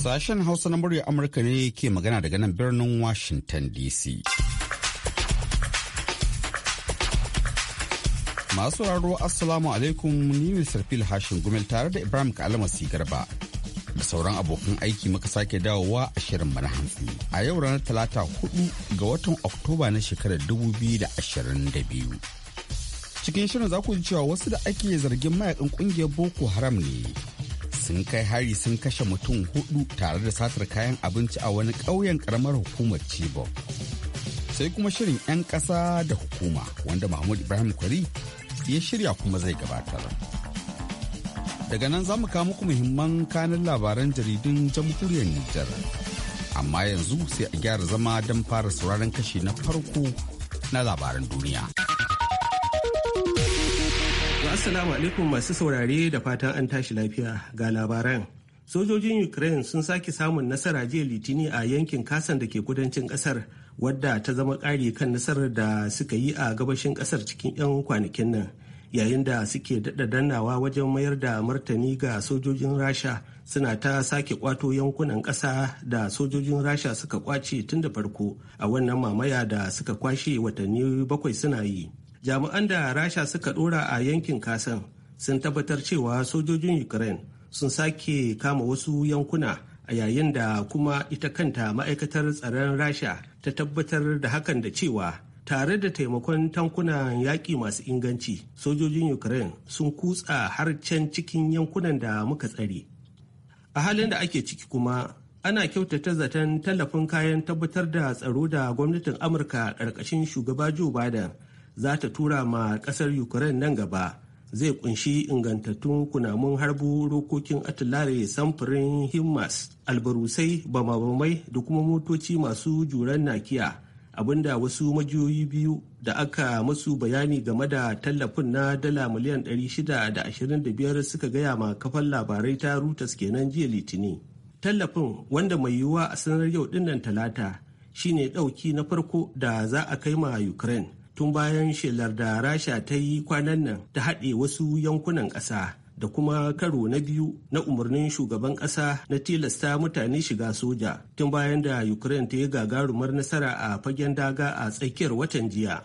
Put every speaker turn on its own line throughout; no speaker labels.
Sashen Hausa na murya Amurka ne ke magana daga nan birnin Washington DC. Masu raro Assalamu alaikum ni ne Sarfil Hashin Gumel tare da Ibrahim kalamasi Garba. Da sauran abokan aiki muka sake dawowa a shirin mana hantsi. A yau ranar Talata hudu ga watan Oktoba na shekarar dubu biyu da da ashirin biyu. Cikin shirin za ku ji cewa wasu da ake zargin mayakan kungiyar Boko Haram ne sun kai hari sun kashe mutum hudu tare da satar kayan abinci a wani ƙauyen ƙaramar hukumar Chibok. Sai kuma shirin 'yan ƙasa da hukuma wanda Mahmud Ibrahim Kwari ya shirya kuma zai gabatar. Daga nan za mu kawo muku muhimman kanin labaran jaridun jamhuriyar Nijar. Amma yanzu sai a gyara zama don fara sauraron kashi na farko na labaran duniya.
Assalamu alaikum masu saurare da fatan an tashi lafiya ga labaran. Sojojin Ukraine sun sake samun nasara jiya litini a yankin kasan da ke kudancin kasar wadda ta zama ƙari kan nasarar da suka yi a gabashin kasar cikin 'yan kwanakin nan yayin da suke daɗa dannawa wajen mayar da martani ga sojojin rasha suna ta sake kwato yankunan ƙasa da sojojin rasha suka kwace tun da farko a wannan mamaya da suka kwashe watanni bakwai suna yi. jami'an da rasha suka dora a yankin kasan sun tabbatar cewa sojojin ukraine sun sake kama wasu yankuna a yayin da kuma ita kanta ma'aikatar tsaron rasha ta tabbatar da hakan da cewa tare da taimakon tankunan yaƙi masu inganci sojojin ukraine sun kutsa har can cikin yankunan da muka tsare a halin da ake ciki kuma ana kyautata zaton tallafin kayan tabbatar da tsaro da gwamnatin amurka ƙarƙashin shugaba joe biden za ta tura ma kasar ukraine nan gaba zai kunshi ingantattun kunamun harbu rokokin atulare samfurin himmas albarusai bamabamai da kuma motoci masu juran nakiya abinda wasu majiyoyi biyu da aka masu bayani game da tallafin na dala miliyan 625 suka gaya ma kafan labarai ta rutas kenan jiya litini tallafin wanda mai yiwuwa a sanar yau dinnan talata shine dauki na farko da za a kai ma ukraine tun bayan shelar da rasha ta yi kwanan nan ta haɗe wasu yankunan ƙasa da kuma karo na biyu na umarnin shugaban ƙasa na tilasta mutane shiga soja tun bayan da ukraine ta yi gagarumar nasara a fagen daga a tsakiyar watan jiya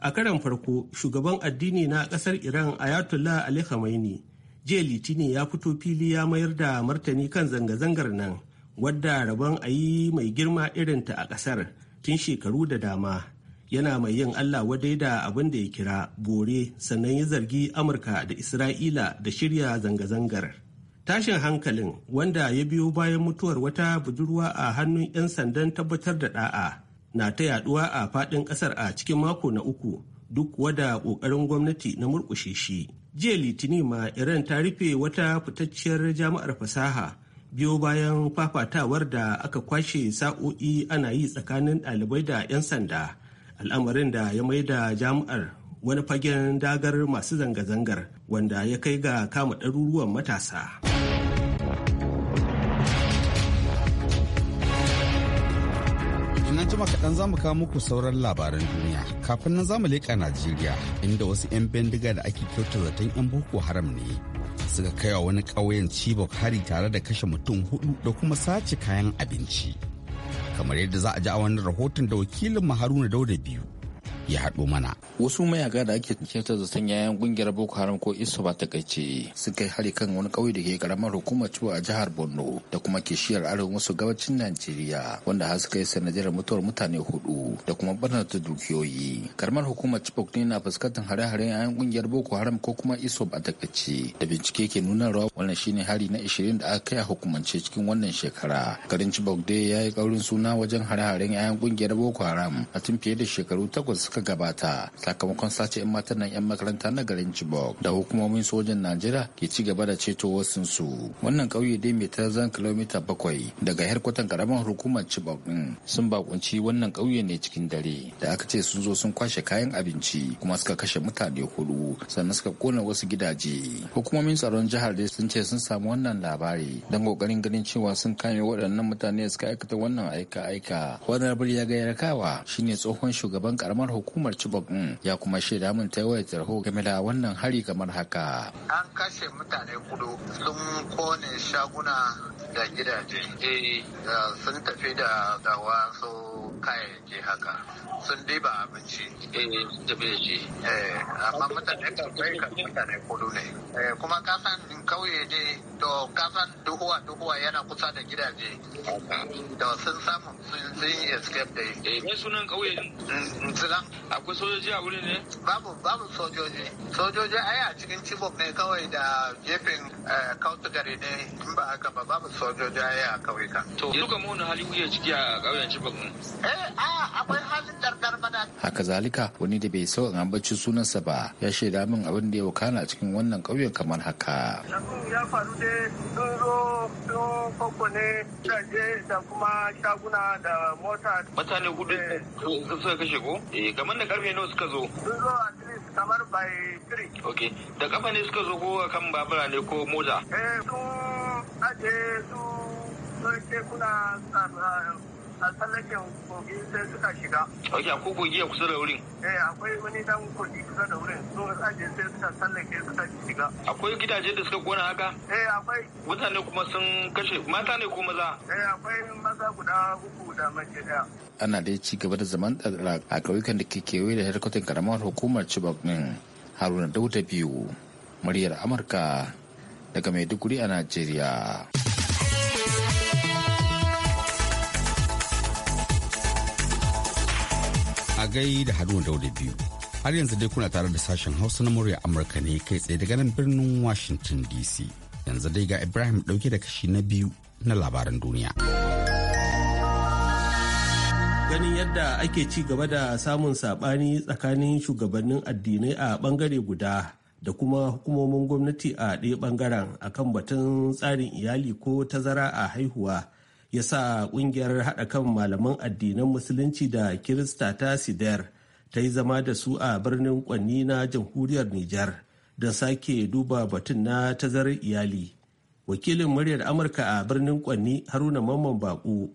a karan farko shugaban addini na ƙasar iran ayatollah ali khamenei jiya litinin ya fito fili ya mayar da martani kan zanga-zangar nan wadda rabon a yi mai girma irinta a ƙasar tun shekaru da dama yana mai yin Allah wadai da abin da ya kira bore sannan ya zargi Amurka da Isra'ila da shirya zanga-zangar. Tashin hankalin wanda ya biyo bayan mutuwar wata budurwa a hannun 'yan sandan tabbatar da ɗa'a na ta yaduwa a faɗin ƙasar a cikin mako na uku duk wada ƙoƙarin gwamnati na murƙushe shi. Jiya Litini ma Iran ta rufe wata fitacciyar jami'ar fasaha biyo bayan fafatawar da aka kwashe sa'o'i ana yi tsakanin ɗalibai da 'yan sanda al'amarin da ya mai da jami'ar wani fagen dagar masu zanga-zangar wanda ya kai ga kama ɗaruruwan matasa.
Ina jima kaɗan za mu kawo muku sauran labaran duniya kafin nan za mu leƙa najeriya inda wasu 'yan bindiga da ake kyauta zaton 'yan boko haram ne suka kaiwa wani ƙauyen chibok hari tare da kashe mutum hudu da kuma sace kayan abinci kamar yadda za a ji a wani rahoton da wakilin haruna dauda biyu ya haɗo mana.
Wasu mayaka da ake kyautar da sanya yayan kungiyar Boko Haram ko Isu ba ta kaice sun kai hari kan wani ƙauye da ke karamar hukumar ciwo a jihar Borno da kuma kishiyar arewa maso gabacin Najeriya wanda har suka yi sanadiyar mutuwar mutane hudu da kuma barnata dukiyoyi. Karamar hukumar Chibok ne na fuskantar hare-haren yayan kungiyar Boko Haram ko kuma Isu ba ta kaice da bincike ke nuna rawa wannan shine hari na 20 da aka kai a hukumance cikin wannan shekara. Garin Chibok dai ya yi ƙaurin suna wajen hare-haren yayan kungiyar Boko Haram a tun fiye da shekaru takwas suka gabata sakamakon sace 'yan matan nan 'yan makaranta na garin Chibok da hukumomin sojan Najeriya ke ci gaba da ceto wasu Wannan ƙauye dai mai tarzan kilomita bakwai daga harkotan karamar hukumar Chibok din sun bakunci wannan kauye ne cikin dare da aka ce sun zo sun kwashe kayan abinci kuma suka kashe mutane hudu sannan suka kona wasu gidaje. Hukumomin tsaron jihar dai sun ce sun samu wannan labari don kokarin ganin cewa sun kame waɗannan mutane da suka aikata wannan aika-aika. Honorable ya ga yarkawa shine tsohon shugaban karamar hukumar hukumar Chibok din mm, ya kuma shaida mun ta wayar tarho game da wannan hari kamar haka. An kashe mutane kudu sun kone shaguna
da gidaje. Eh sun tafi da gawa so kayayyaki haka. Sun diba abinci. Eh da beji. Eh amma mutane kawai kan mutane kudu ne. Eh kuma kasan kauye ne to kasan duhuwa duhuwa yana kusa da gidaje. Da sun samu sun yi escape da. Eh sunan kauye? Tsilan akwai sojoji a wurin ne babu babu sojoji sojoji ai a cikin chibok ne kawai da gefen eh, kautu gari ne in ba haka ba babu sojoji ai a kauyuka to yanzu duka mun hali kuke ciki a kauyen chibok ne eh a akwai halin dardar bada
haka zalika wani da bai an bacci sunansa ba ya shaida min abin da ya wakana a cikin wannan kauyen kamar haka
ya faru dai su ne da kuma shaguna da mota.
Mutane hudu eh. suka kashe ko? Eh kamar da karfe nawa suka zo? Sun
zo a kamar by
3. Da kafa ne suka zo ko kan babura ne ko mota? Eh
sun aje su sun kuna ah, a tsallaken kogi sai suka shiga. Ok, ko kogi a kusa da wurin? Eh, akwai wani dan kogi kusa
da wurin. So, aje sai suka tsallake suka shiga.
Akwai gidaje da suka gona haka?
Eh, akwai. Mutane kuma sun kashe, mata ne ko maza? Eh, akwai maza guda uku da mace
daya. Ana dai ci gaba da zaman ɗaɗɗara a ƙauyukan da ke kewaye da harkokin karamar hukumar Chibok ɗin Haruna Dauda biyu, muryar Amurka daga Maiduguri a Najeriya.
agai da Haruna Dauda biyu. Har yanzu dai kuna tare da sashen Hausa na murya Amurka ne kai tsaye daga nan birnin Washington DC. Yanzu dai ga
Ibrahim ɗauke da kashi na biyu na labaran duniya. Ganin yadda ake ci gaba da samun saɓani tsakanin shugabannin addinai a bangare guda da kuma hukumomin gwamnati a ɗaya bangaren akan batun tsarin iyali ko tazara a haihuwa ya sa kungiyar haɗa kan malaman addinan musulunci da kirista ta sider ta yi zama da su a birnin kwanni na jamhuriyar nijar don sake duba batun na tazarar iyali wakilin muryar amurka a birnin kwanni haruna mamman baƙo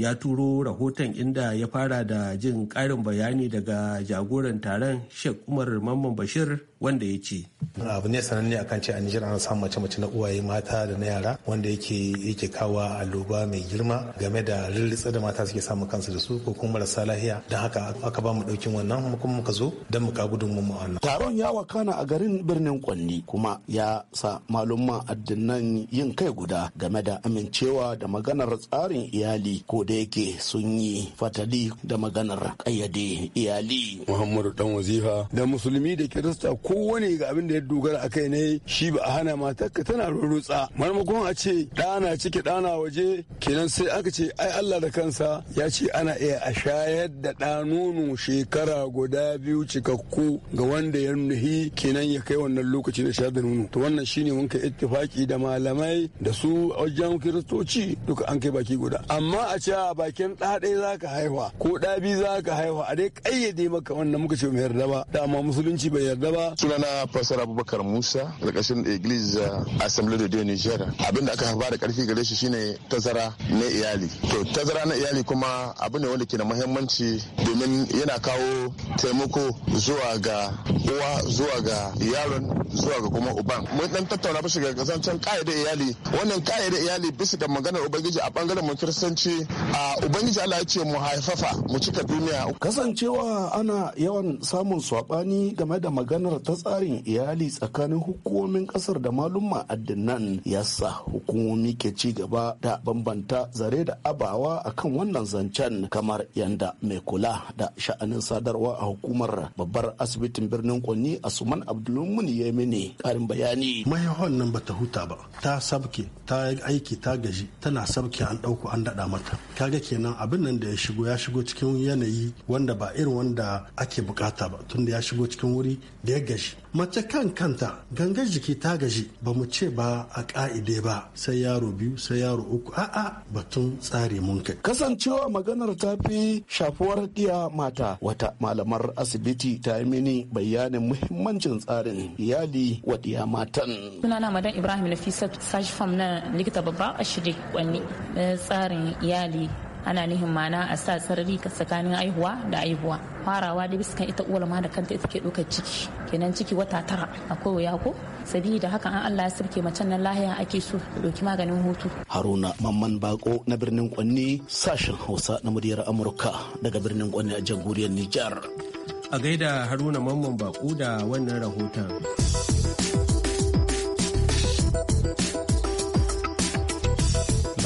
ya turo rahoton inda ya fara da jin karin bayani daga jagoran taron Sheikh Umar Mamman Bashir wanda ya ce. abu ne sananne a kan ce a Nijar ana samu mace-mace na uwaye mata da na yara wanda yake yake kawo aloba mai girma game da rirritsa da mata suke samun kansu
da su ko kuma marasa lahiya da haka aka ba mu daukin wannan kuma muka zo don mu ka gudun mu wannan. Taron ya wakana a garin birnin Kwanni kuma ya sa malumma addinan yin kai guda game da amincewa da maganar tsarin iyali ko da yake sun yi fatali da maganar ƙayyade iyali. Muhammadu dan wazifa da musulmi da kirista kowane ga abin da ya dogara a kai ne shi ba a hana matarka tana rurutsa. Marmakon a ce ɗana ciki ɗana waje kenan sai aka ce ai Allah da kansa ya ce ana iya a shayar da ɗa nono shekara guda biyu cikakku ga wanda ya nuhi kenan ya kai wannan lokaci na shayar da nono. To wannan shine mun kai ittifaki da malamai da su wajen kiristoci duka an kai baki guda. Amma a ce a bakin ɗa ɗaya za ka haihuwa ko ɗa biyu za ka haihuwa a dai ƙayyade maka wannan muka ce mu yarda ba dama musulunci bai
yarda ba. sunana Fasara abubakar musa ƙarƙashin iglesia assembly da dio niger abin da aka haifa da ƙarfi gare shi shine tazara na iyali to tazara na iyali kuma abu ne wanda ke da muhimmanci domin yana kawo taimako zuwa ga uwa zuwa ga yaron zuwa ga kuma uban mun dan tattauna bisa ga kasancen ƙa'idar iyali wannan ƙa'idar iyali bisa da maganar ubangiji a bangaren mu kiristanci a ubangiji Allah ya ce mu haifafa
mu cika duniya kasancewa ana yawan samun saɓani game da maganar ta tsarin iyali tsakanin hukumomin kasar da malumma addinan yasa hukumomi ke ci gaba da bambanta zare da abawa akan wannan zancen kamar yanda mai kula da sha'anin sadarwa a hukumar babbar asibitin birnin kwanni asuman abdulmuni ya mini karin bayani hon nan bata huta ba ta sabke ta aiki ta gaji tana sabke an dauko an dada mata kaga kenan abin nan da ya shigo ya shigo cikin yanayi wanda ba irin wanda ake bukata ba tunda ya shigo cikin wuri da ya gashi mace kan kanta gangar jiki ta gaji ba mu ce ba a ka'ide ba sai yaro biyu sai yaro uku a'a batun tsari mun kai kasancewa maganar ta fi shafuwar ɗiya mata wata malamar asibiti ta yi mini bayanin muhimmancin tsarin iyali wa ɗiya matan
sunana madan ibrahim Nafisat sashi fam na likita babba a shirin wani eh, tsarin iyali ana nihin mana a sa sarari tsakanin aihuwa da aihuwa farawa da bisa ita uwar ma da kanta ita ke ɗaukar ciki kenan ciki wata tara akwai wuya ko sabida haka an Allah ya sirke macen nan lahiya ake so ɗauki maganin hutu
haruna mamman bako na birnin kwanni sashen hausa na muryar amurka daga birnin kwanni a jamhuriyar nijar a gaida haruna mamman bako da
wannan rahoton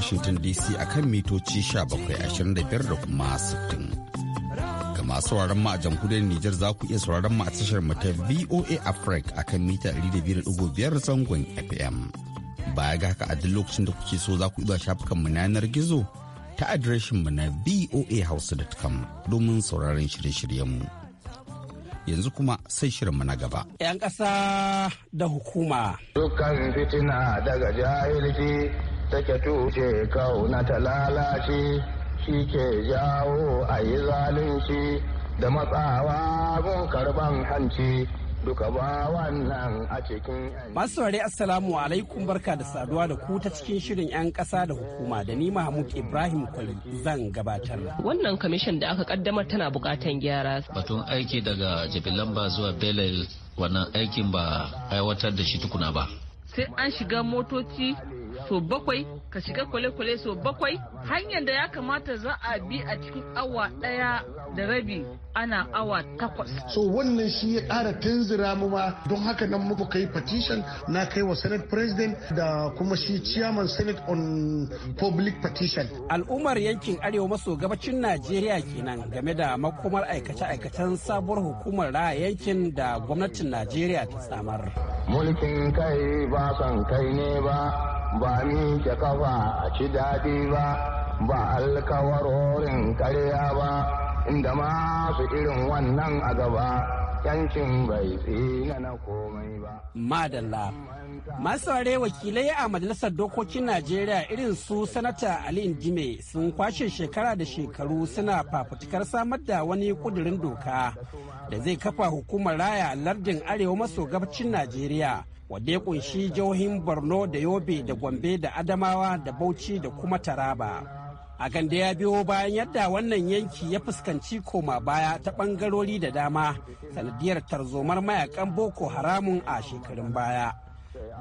Washington DC a kan mitoci 1725 da kuma 60. Ga masu sauraron mu a jamhuriyar Nijar za ku iya sauraron mu a tashar mu ta VOA Africa a kan mita 200.5 zangon FM. Baya ga haka a duk lokacin da kuke so za ku iya shafukan mu na yanar gizo ta adireshin mu na voahausa.com domin sauraron shirye shiryenmu mu. yanzu kuma sai shirin na gaba.
'Yan ƙasa da hukuma. Dukkan fitina daga jahilci take tuce kauna ta lalace shi ke jawo a yi zalunci da matsawa gun karban hanci duka ba wannan a cikin
masu saurari assalamu alaikum barka da saduwa da ku ta cikin shirin 'yan ƙasa da hukuma da ni mahmud ibrahim kwali zan gabatar
wannan kamishin da aka kaddamar tana bukatan gyara
batun aiki daga jabilamba zuwa belel wannan aikin ba aiwatar da shi tukuna ba
sai an shiga motoci so bakwai ka shiga kwale-kwale so bakwai hanyar da ya kamata za a bi a cikin awa daya da rabi ana awa takwas.
so wannan shi ya kara tunzura mu ma don haka nan muka kai petition na kai wa senate president da kuma shi chairman senate on public
petition. al'ummar yankin arewa maso gabacin najeriya kenan game da makomar aikace-aikacen sabuwar hukumar raya yankin da gwamnatin najeriya ta samar.
mulkin kai ba son kai ne ba ba miƙe kafa a ci daɗi ba ba alkawarorin karya ba inda masu irin wannan a gaba yancin bai tsina na komai ba.
Madalla. Masu ware wakilai a Majalisar Dokokin Najeriya irin su Sanata Ali Indime sun kwashe shekara da shekaru suna fafutukar samar da wani kudurin doka da zai kafa hukumar raya lardin arewa maso gabacin Najeriya. wadda ya kunshi jihohin borno da yobe da gombe da adamawa da bauchi da kuma taraba a da ya biyo bayan yadda wannan yanki ya fuskanci koma baya ta bangarori da dama sanadiyar tarzomar mayakan boko haramun a shekarun baya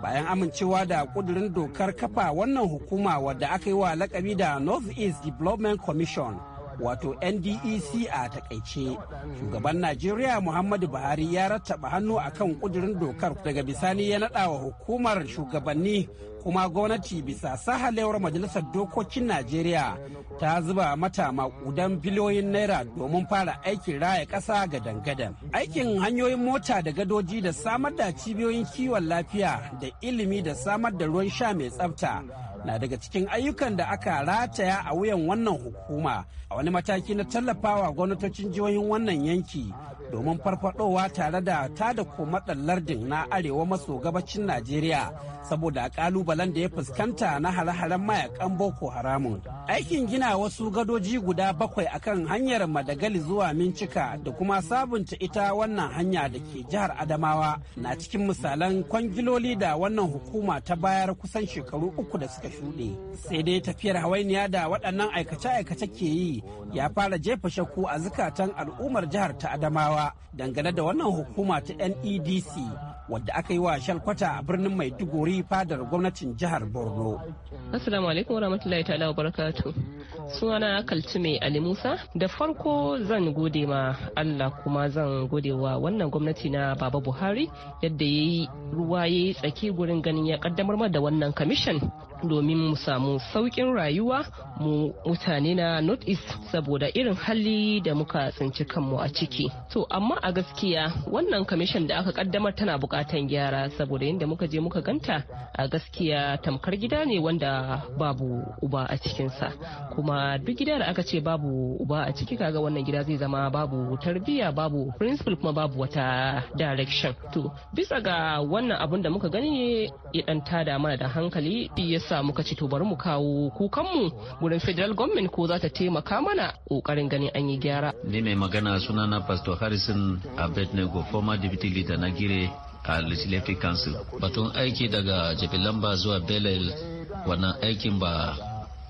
bayan amincewa da kudurin dokar kafa wannan hukuma wadda aka yi wa lakabi da north east development commission wato ndec a takaice shugaban najeriya muhammadu buhari ya rattaba hannu akan kudirin dokar daga bisani ya naɗa wa hukumar shugabanni kuma gwamnati bisa sahalewar majalisar dokokin najeriya ta zuba mata makudan biliyoyin naira domin fara aikin raya ƙasa ga dangadan aikin hanyoyin mota da gadoji da samar da cibiyoyin kiwon lafiya da ilimi da samar da ruwan sha mai tsafta na daga cikin ayyukan da aka rataya a wuyan wannan hukuma a wani mataki na tallafawa gwamnatocin jihohin wannan yanki domin farfadowa tare da tada komaɗan lardin na arewa maso gabacin najeriya saboda kalubalen da ya fuskanta na hare-haren mayakan boko haramun aikin gina wasu gadoji guda bakwai akan hanyar madagali zuwa mincika da kuma sabunta ita wannan hanya da ke jihar adamawa na cikin misalan kwangiloli da wannan hukuma ta bayar kusan shekaru uku da suka shuɗe sai dai tafiyar hawainiya da waɗannan aikace-aikace ke yi ya fara jefa shakku a zukatan al'ummar jihar ta adamawa Adamawa dangane da wannan hukuma ta NEDC wadda aka yi wa shalkwata a birnin Maiduguri fadar gwamnatin jihar Borno.
Assalamu alaikum wa rahmatullahi ta'ala wa barakatu. Sunana Kaltume Ali Musa da farko zan gode ma Allah kuma zan gode wa wannan gwamnati na Baba Buhari yadda ya yi ruwa ya yi tsaki gurin ganin ya kaddamar da wannan kamishin domin mu samu saukin rayuwa mu mutane na north east saboda irin hali da muka tsinci kanmu a ciki to amma a gaskiya wannan kamishin da aka kaddamar tana bukatan gyara saboda yadda muka je muka ganta a gaskiya tamkar gida ne wanda babu uba a cikinsa kuma duk gida da aka ce babu uba a ciki kaga wannan gida zai zama babu tarbiyya babu principal kuma babu wata direction to bisa ga wannan abun da muka gani ya dan tada mana da hankali yes sa muka ci to bari mu kawo kukanmu wurin federal government ko za ta taimaka mana kokarin ganin an yi gyara.
Ni mai magana sunana Pastor Harrison Abednego, former deputy leader na gire a Legislative Council. Batun aiki daga Jabilamba zuwa Belel wannan aikin ba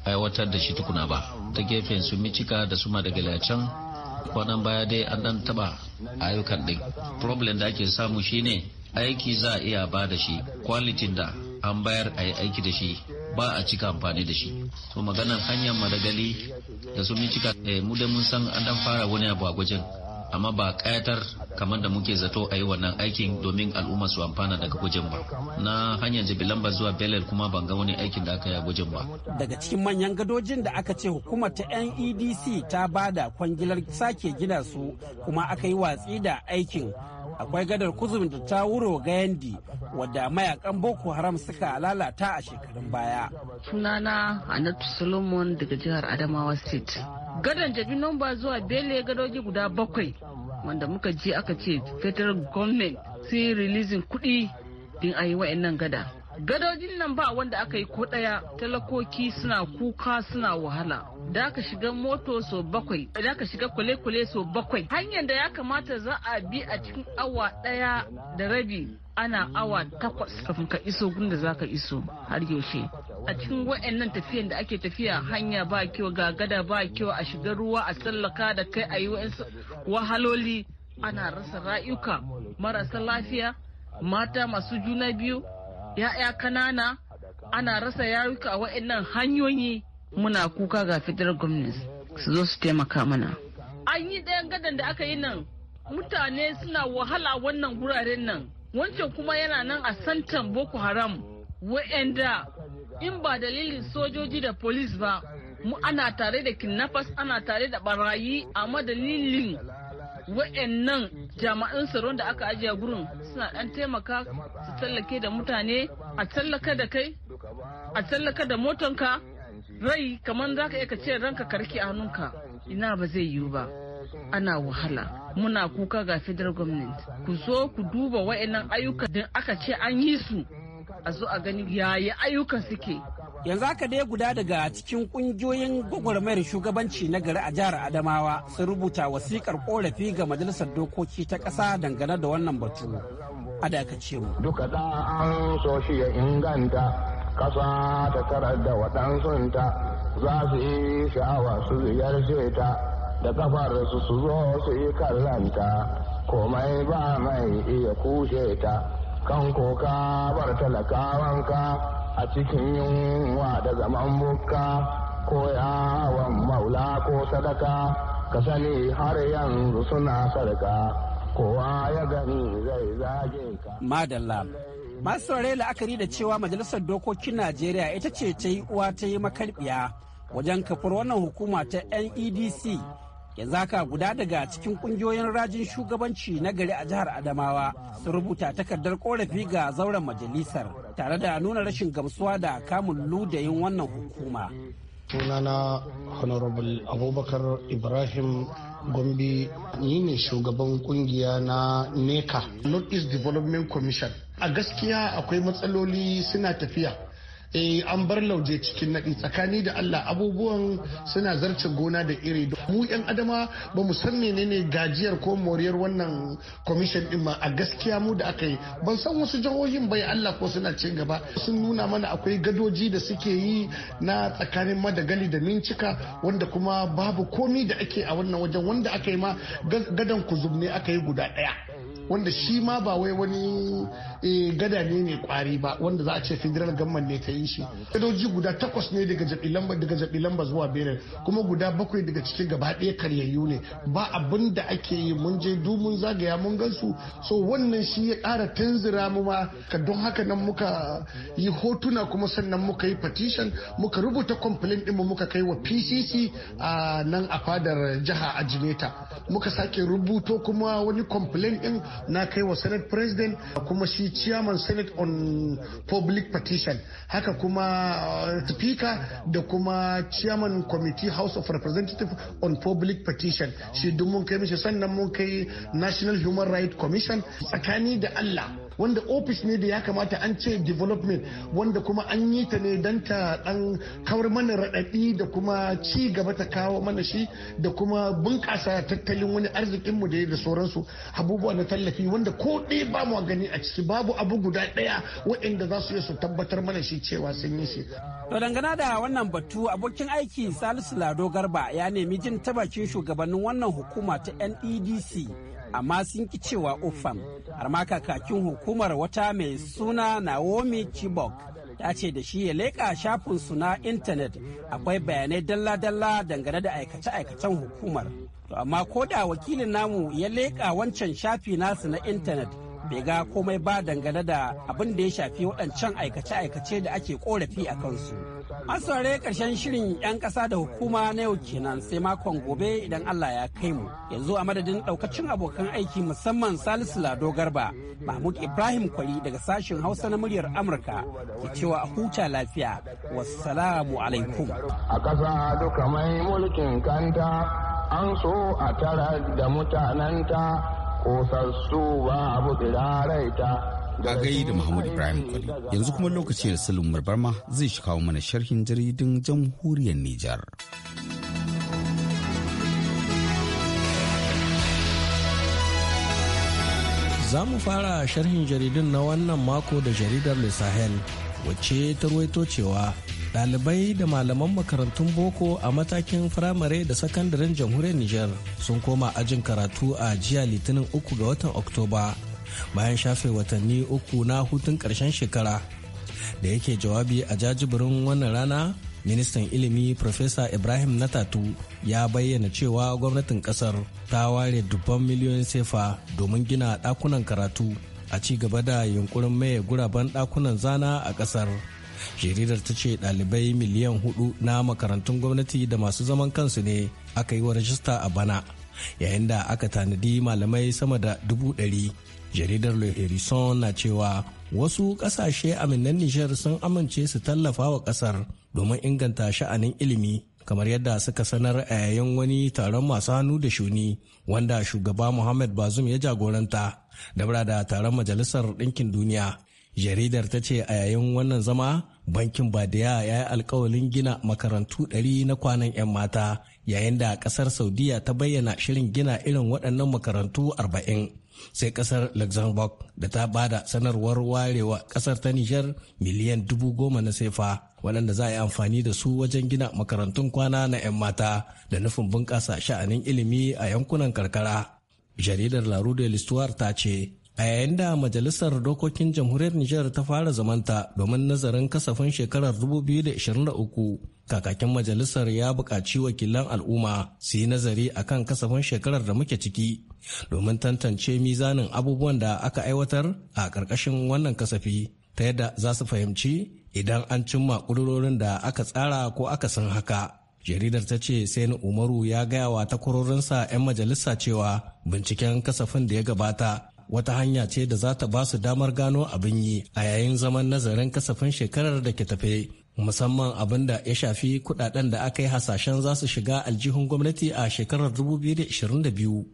aiwatar da shi tukuna ba. Ta gefen su micika da su daga can kwanan baya dai an dan taba ayyukan din. Problem da ake samu shine aiki za a iya ba da shi kwalitin da an bayar a yi aiki da shi ba a cika amfani da shi to maganar hanyar madagali da su cika eh, mu da mun san an dan fara wani abu a gwajin amma ba kayatar kamar da muke zato a yi wannan aikin domin al'umma su amfana daga gwajin ba na hanyar lambar zuwa belel kuma ban ga wani aikin da aka yi a gwajin ba
daga cikin manyan gadojin da aka ce hukumar ta nedc ta bada kwangilar sake gina su kuma aka yi watsi da aikin akwai gadar kuzum da ta wuro gayandi wadda mayakan boko haram suka lalata a shekarun baya
sunana
anatu solomon daga
jihar adamawa state gadon jabi nomba zuwa bele gadoji guda bakwai wanda muka je aka ce federal government sun yi releasing kudi din a yi wa'annan gada gadojin nan ba wanda aka yi ko ɗaya talakoki suna kuka suna wahala da ka shiga moto so bakwai da ka shiga kule kule so bakwai hanyar da ya kamata za a bi a cikin awa ɗaya da rabi ana awa takwas kafin ka iso gunda za ka iso har yaushe a cikin wa'annan tafiyan da ake tafiya hanya ba kyau ga gada ba kyau a shiga ruwa a tsallaka da kai a yi wahaloli ana rasa rayuka marasa lafiya mata masu juna biyu ya'ya kanana ana rasa yaruka a wa'annan hanyoyi muna kuka ga fitar gwamnati su zo su taimaka mana an yi ɗayan gadon da aka yi nan mutane suna wahala wannan wuraren nan wancan kuma yana nan a santan boko haram wa'anda in ba dalilin sojoji da polis ba mu ana tare da kidnappers ana tare da barayi amma dalilin wa'annan jama'an tsaron da aka ajiye gurin suna ɗan taimaka su tallake da mutane a tallaka da kai a tallaka da motonka rai kamar za ka iya ce ranka karki a hannunka ina ba zai yiwu ba ana wahala muna kuka ga federal government ku zo ku duba wa'annan ayyukan da aka ce an yi su a zo a gani yaya ayyukan suke
yanzu haka dai guda daga cikin kungiyoyin gwagwarmayar shugabanci na gari a jihar adamawa sun rubuta wasikar korafi ga majalisar dokoki ta ƙasa dangane da wannan batu a dakace mu
duka da an so shi ya inganta ƙasa ta tarar da waɗansunta za su yi sha'awa su ziyarce ta da kafar su su zo su yi kallanta komai ba mai iya kushe ta kan koka bar talakawanka a cikin yunwa da zaman buka ko yawon maula ko sadaka ka sani har yanzu suna sarka kowa ya gani zai zage
ka. Madalla. Masu saurari la'akari da cewa Majalisar Dokokin Najeriya ita ce ta yi uwa ta yi makarbiya wajen kafar wannan hukuma ta NEDC yanzu haka guda daga cikin kungiyoyin rajin shugabanci na gari a jihar adamawa sun rubuta takardar korafi ga zauren majalisar tare da nuna rashin gamsuwa da kamun ludayin wannan hukuma
sunana honorable abubakar ibrahim gombe ni ne shugaban kungiya na neca north east development commission a gaskiya akwai matsaloli suna tafiya eh an bar lauje cikin naɗi tsakani da Allah abubuwan suna zarce gona da iri mu yan adama ba mu san menene gajiyar ko moriyar wannan commission din ma a gaskiya mu da aka yi ban san wasu jihohin bai Allah ko suna cin gaba sun nuna mana akwai gadoji da suke yi na tsakanin madagali da mincika wanda kuma babu komi da ake a wannan wajen wanda aka yi ma gadon kuzum ne aka yi guda ɗaya wanda shi ma ba wai wani eh, gada ne mai kwari ba wanda za a ce federal gamman ne ta yi shi gadoji guda takwas ne daga jabi lamba zuwa benin kuma guda bakwai daga cikin gaba ɗaya karyayyu ne ba abin da ake yi mun je du mun zagaya mun gansu so wannan shi ya ƙara tunzura mu ma ka don haka nan muka yi hotuna kuma sannan muka yi petition muka rubuta complaint ɗinmu muka kai wa pcc a nan a fadar jiha a muka sake rubuto kuma wani complaint ɗin na kai wa senate president kuma shi chairman senate on public petition haka kuma uh, speaker da kuma chairman committee house of representative on public petition shi duk mun kai mishi sannan mun kai national human rights commission tsakani da allah wanda ofis ne da ya kamata an ce development wanda kuma an yi ta ne don ta dan kawar mana raɗaɗi da kuma ci gaba ta kawo mana shi da kuma bunƙasa tattalin wani arzikin mu da da sauransu abubuwa na tallafi wanda ko ɗaya ba mu gani a ciki babu abu guda ɗaya waɗanda za su iya su tabbatar mana shi cewa
sun yi shi. To dangana da wannan batu abokin aiki Salisu Lado Garba ya nemi jin tabakin shugabannin wannan hukuma ta NEDC amma sun ki cewa ufam har ma kakakin hukumar wata mai suna naomi chibok ta ce da shi ya leƙa shafin su na intanet akwai bayanai dalla-dalla dangane da aikace-aikacen hukumar to amma ko da wakilin namu ya leƙa wancan shafi nasu na intanet bai ga komai ba dangane da abin da ya shafi waɗancan aikace-aikace da ake korafi a kansu. An saurare ƙarshen shirin 'yan ƙasa da hukuma na yau kenan sai makon gobe idan Allah ya kai mu. Yanzu a madadin ɗaukacin abokan aiki musamman Salisu Lado Garba, Mahmud Ibrahim Kwari daga sashen Hausa na muryar Amurka ke cewa a huta lafiya. Wassalamu alaikum.
A ƙasa duka mai mulkin kanta an so a tara da mutanenta kosassu babu raita. a gai da Mahmud Ibrahim Kwari.
Yanzu kuma lokaci da Salim Barma zai shi kawo mana sharhin jaridun jamhuriyar Nijar.
Za mu fara sharhin jaridun na wannan mako da jaridar Le wacce ta ruwaito cewa Dalibai da malaman makarantun boko a matakin firamare da sakandaren jamhuriyar Nijar sun koma ajin karatu a jiya litinin uku ga watan Oktoba bayan shafe watanni uku na hutun ƙarshen shekara. Da yake jawabi a jajibirin wannan rana, ministan ilimi Profesa Ibrahim Natatu ya bayyana cewa gwamnatin ƙasar ta ware dubban miliyoyin sefa domin gina ɗakunan karatu a ci gaba da yunkurin maye guraben ɗakunan zana a ƙasar. jaridar ta ce ɗalibai miliyan hudu na makarantun gwamnati da masu zaman kansu ne aka yi wa rajista a bana yayin da aka tanadi malamai sama da dubu ɗari jaridar le na cewa wasu ƙasashe aminan nijar sun amince su tallafa wa ƙasar domin inganta sha'anin ilimi kamar yadda suka sanar a yayin wani taron masu hannu da shuni wanda shugaba Muhammad Bazum ya jagoranta dabra da taron Majalisar Ɗinkin Duniya jaridar ta ce a yayin wannan zama bankin badiya ya yi alkawalin gina makarantu 100 na kwanan 'yan mata yayin da kasar saudiya ta bayyana shirin gina irin waɗannan makarantu 40 sai kasar luxembourg da ta bada sanarwar warewa kasar ta nijar miliyan dubu goma na sefa waɗanda za a yi amfani da su wajen gina makarantun kwana na 'yan mata da nufin bunƙasa sha'anin ilimi a yankunan karkara jaridar la rue de l'histoire ta ce a yayin da majalisar dokokin jamhuriyar nijar ta fara zamanta domin nazarin kasafin shekarar 2023 kakakin majalisar ya buƙaci wakilan al'umma su yi nazari a kan kasafin shekarar da muke ciki domin tantance mizanin abubuwan da aka aiwatar a ƙarƙashin wannan kasafi ta yadda za su fahimci idan an cimma ƙudurorin da aka tsara ko aka san haka jaridar ta ce sani umaru ya gaya wa takwarorinsa 'yan majalisa cewa binciken kasafin da ya gabata wata hanya ce da za ta ba su damar gano abin yi a yayin zaman nazarin kasafin shekarar da ke tafe musamman abin da ya shafi kudaden da aka yi hasashen za su shiga aljihun gwamnati a shekarar 2022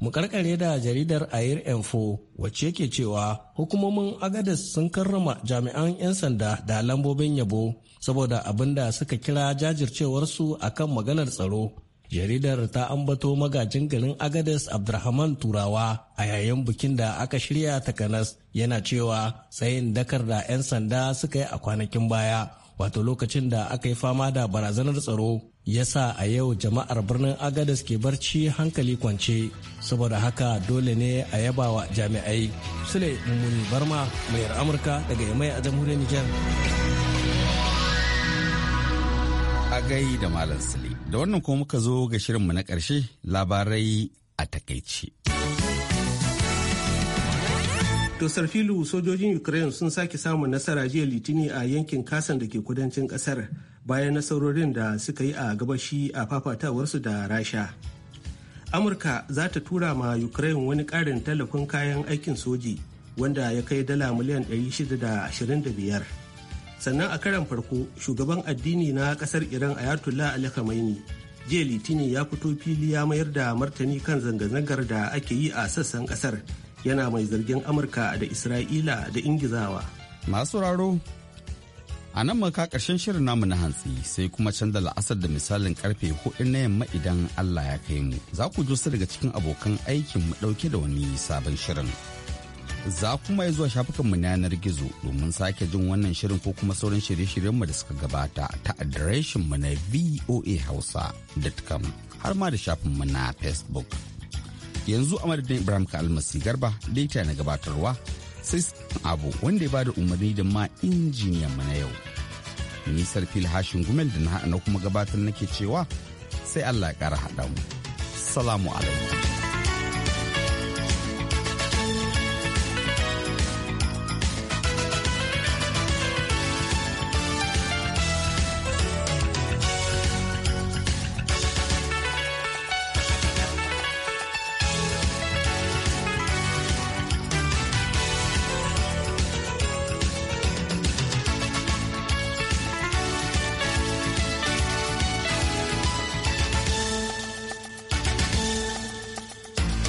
mu karkare da jaridar air info wacce ke cewa hukumomin agadas sun karrama jami'an 'yan sanda da lambobin yabo saboda abin da suka kira jajircewarsu akan maganar tsaro jaridar ta ambato magajin garin agades abdulrahman turawa a yayin bikin da aka shirya takanas yana cewa tsayin dakar da 'yan sanda suka yi a kwanakin baya wato lokacin da aka yi fama da barazanar tsaro ya sa a yau jama'ar birnin agades ke barci hankali kwance saboda haka dole ne a yaba wa jami'ai sule mummuni barma mayar amurka daga yamai a jamhuriyar nijar gai da
Malam Sule. Da wannan kuma muka zo ga shirinmu na ƙarshe labarai a takaici.
Dosar filu sojojin Ukraine sun sake samun nasara jiya litini a yankin kasan da ke kudancin kasar bayan nasarorin da suka yi a gabashi a fafatawarsu da rasha. Amurka za ta tura ma Ukraine wani ƙarin tallafin kayan aikin soji wanda ya kai dala miliyan 625. sannan a karan farko shugaban addini na kasar iran ayatollah ali khamenei jiya litinin ya fito fili ya mayar da martani kan zanga-zangar da ake yi a sassan kasar yana mai zargin amurka da isra'ila da ingizawa
masu raro a nan maka karshen shirin namu na hantsi sai kuma canza la'asar da misalin karfe hudu na yamma idan allah ya kai mu za ku ji daga cikin abokan aikin mu dauke da wani sabon shirin. Za kuma yi zuwa shafukanmu na yanar gizo domin sake jin wannan shirin ko kuma sauran shirye-shiryenmu da suka gabata ta adireshinmu na voahausa.com har ma da shafinmu na Facebook. Yanzu a madadin Ibrahim Kalmasi Garba da na gabatarwa sai abu wanda ya bada umarni da ma injiniyan mu na yau. Nisar fil hashin gumel da na kuma gabatar nake cewa sai Allah ya kara haɗa mu. Salamu alaikum.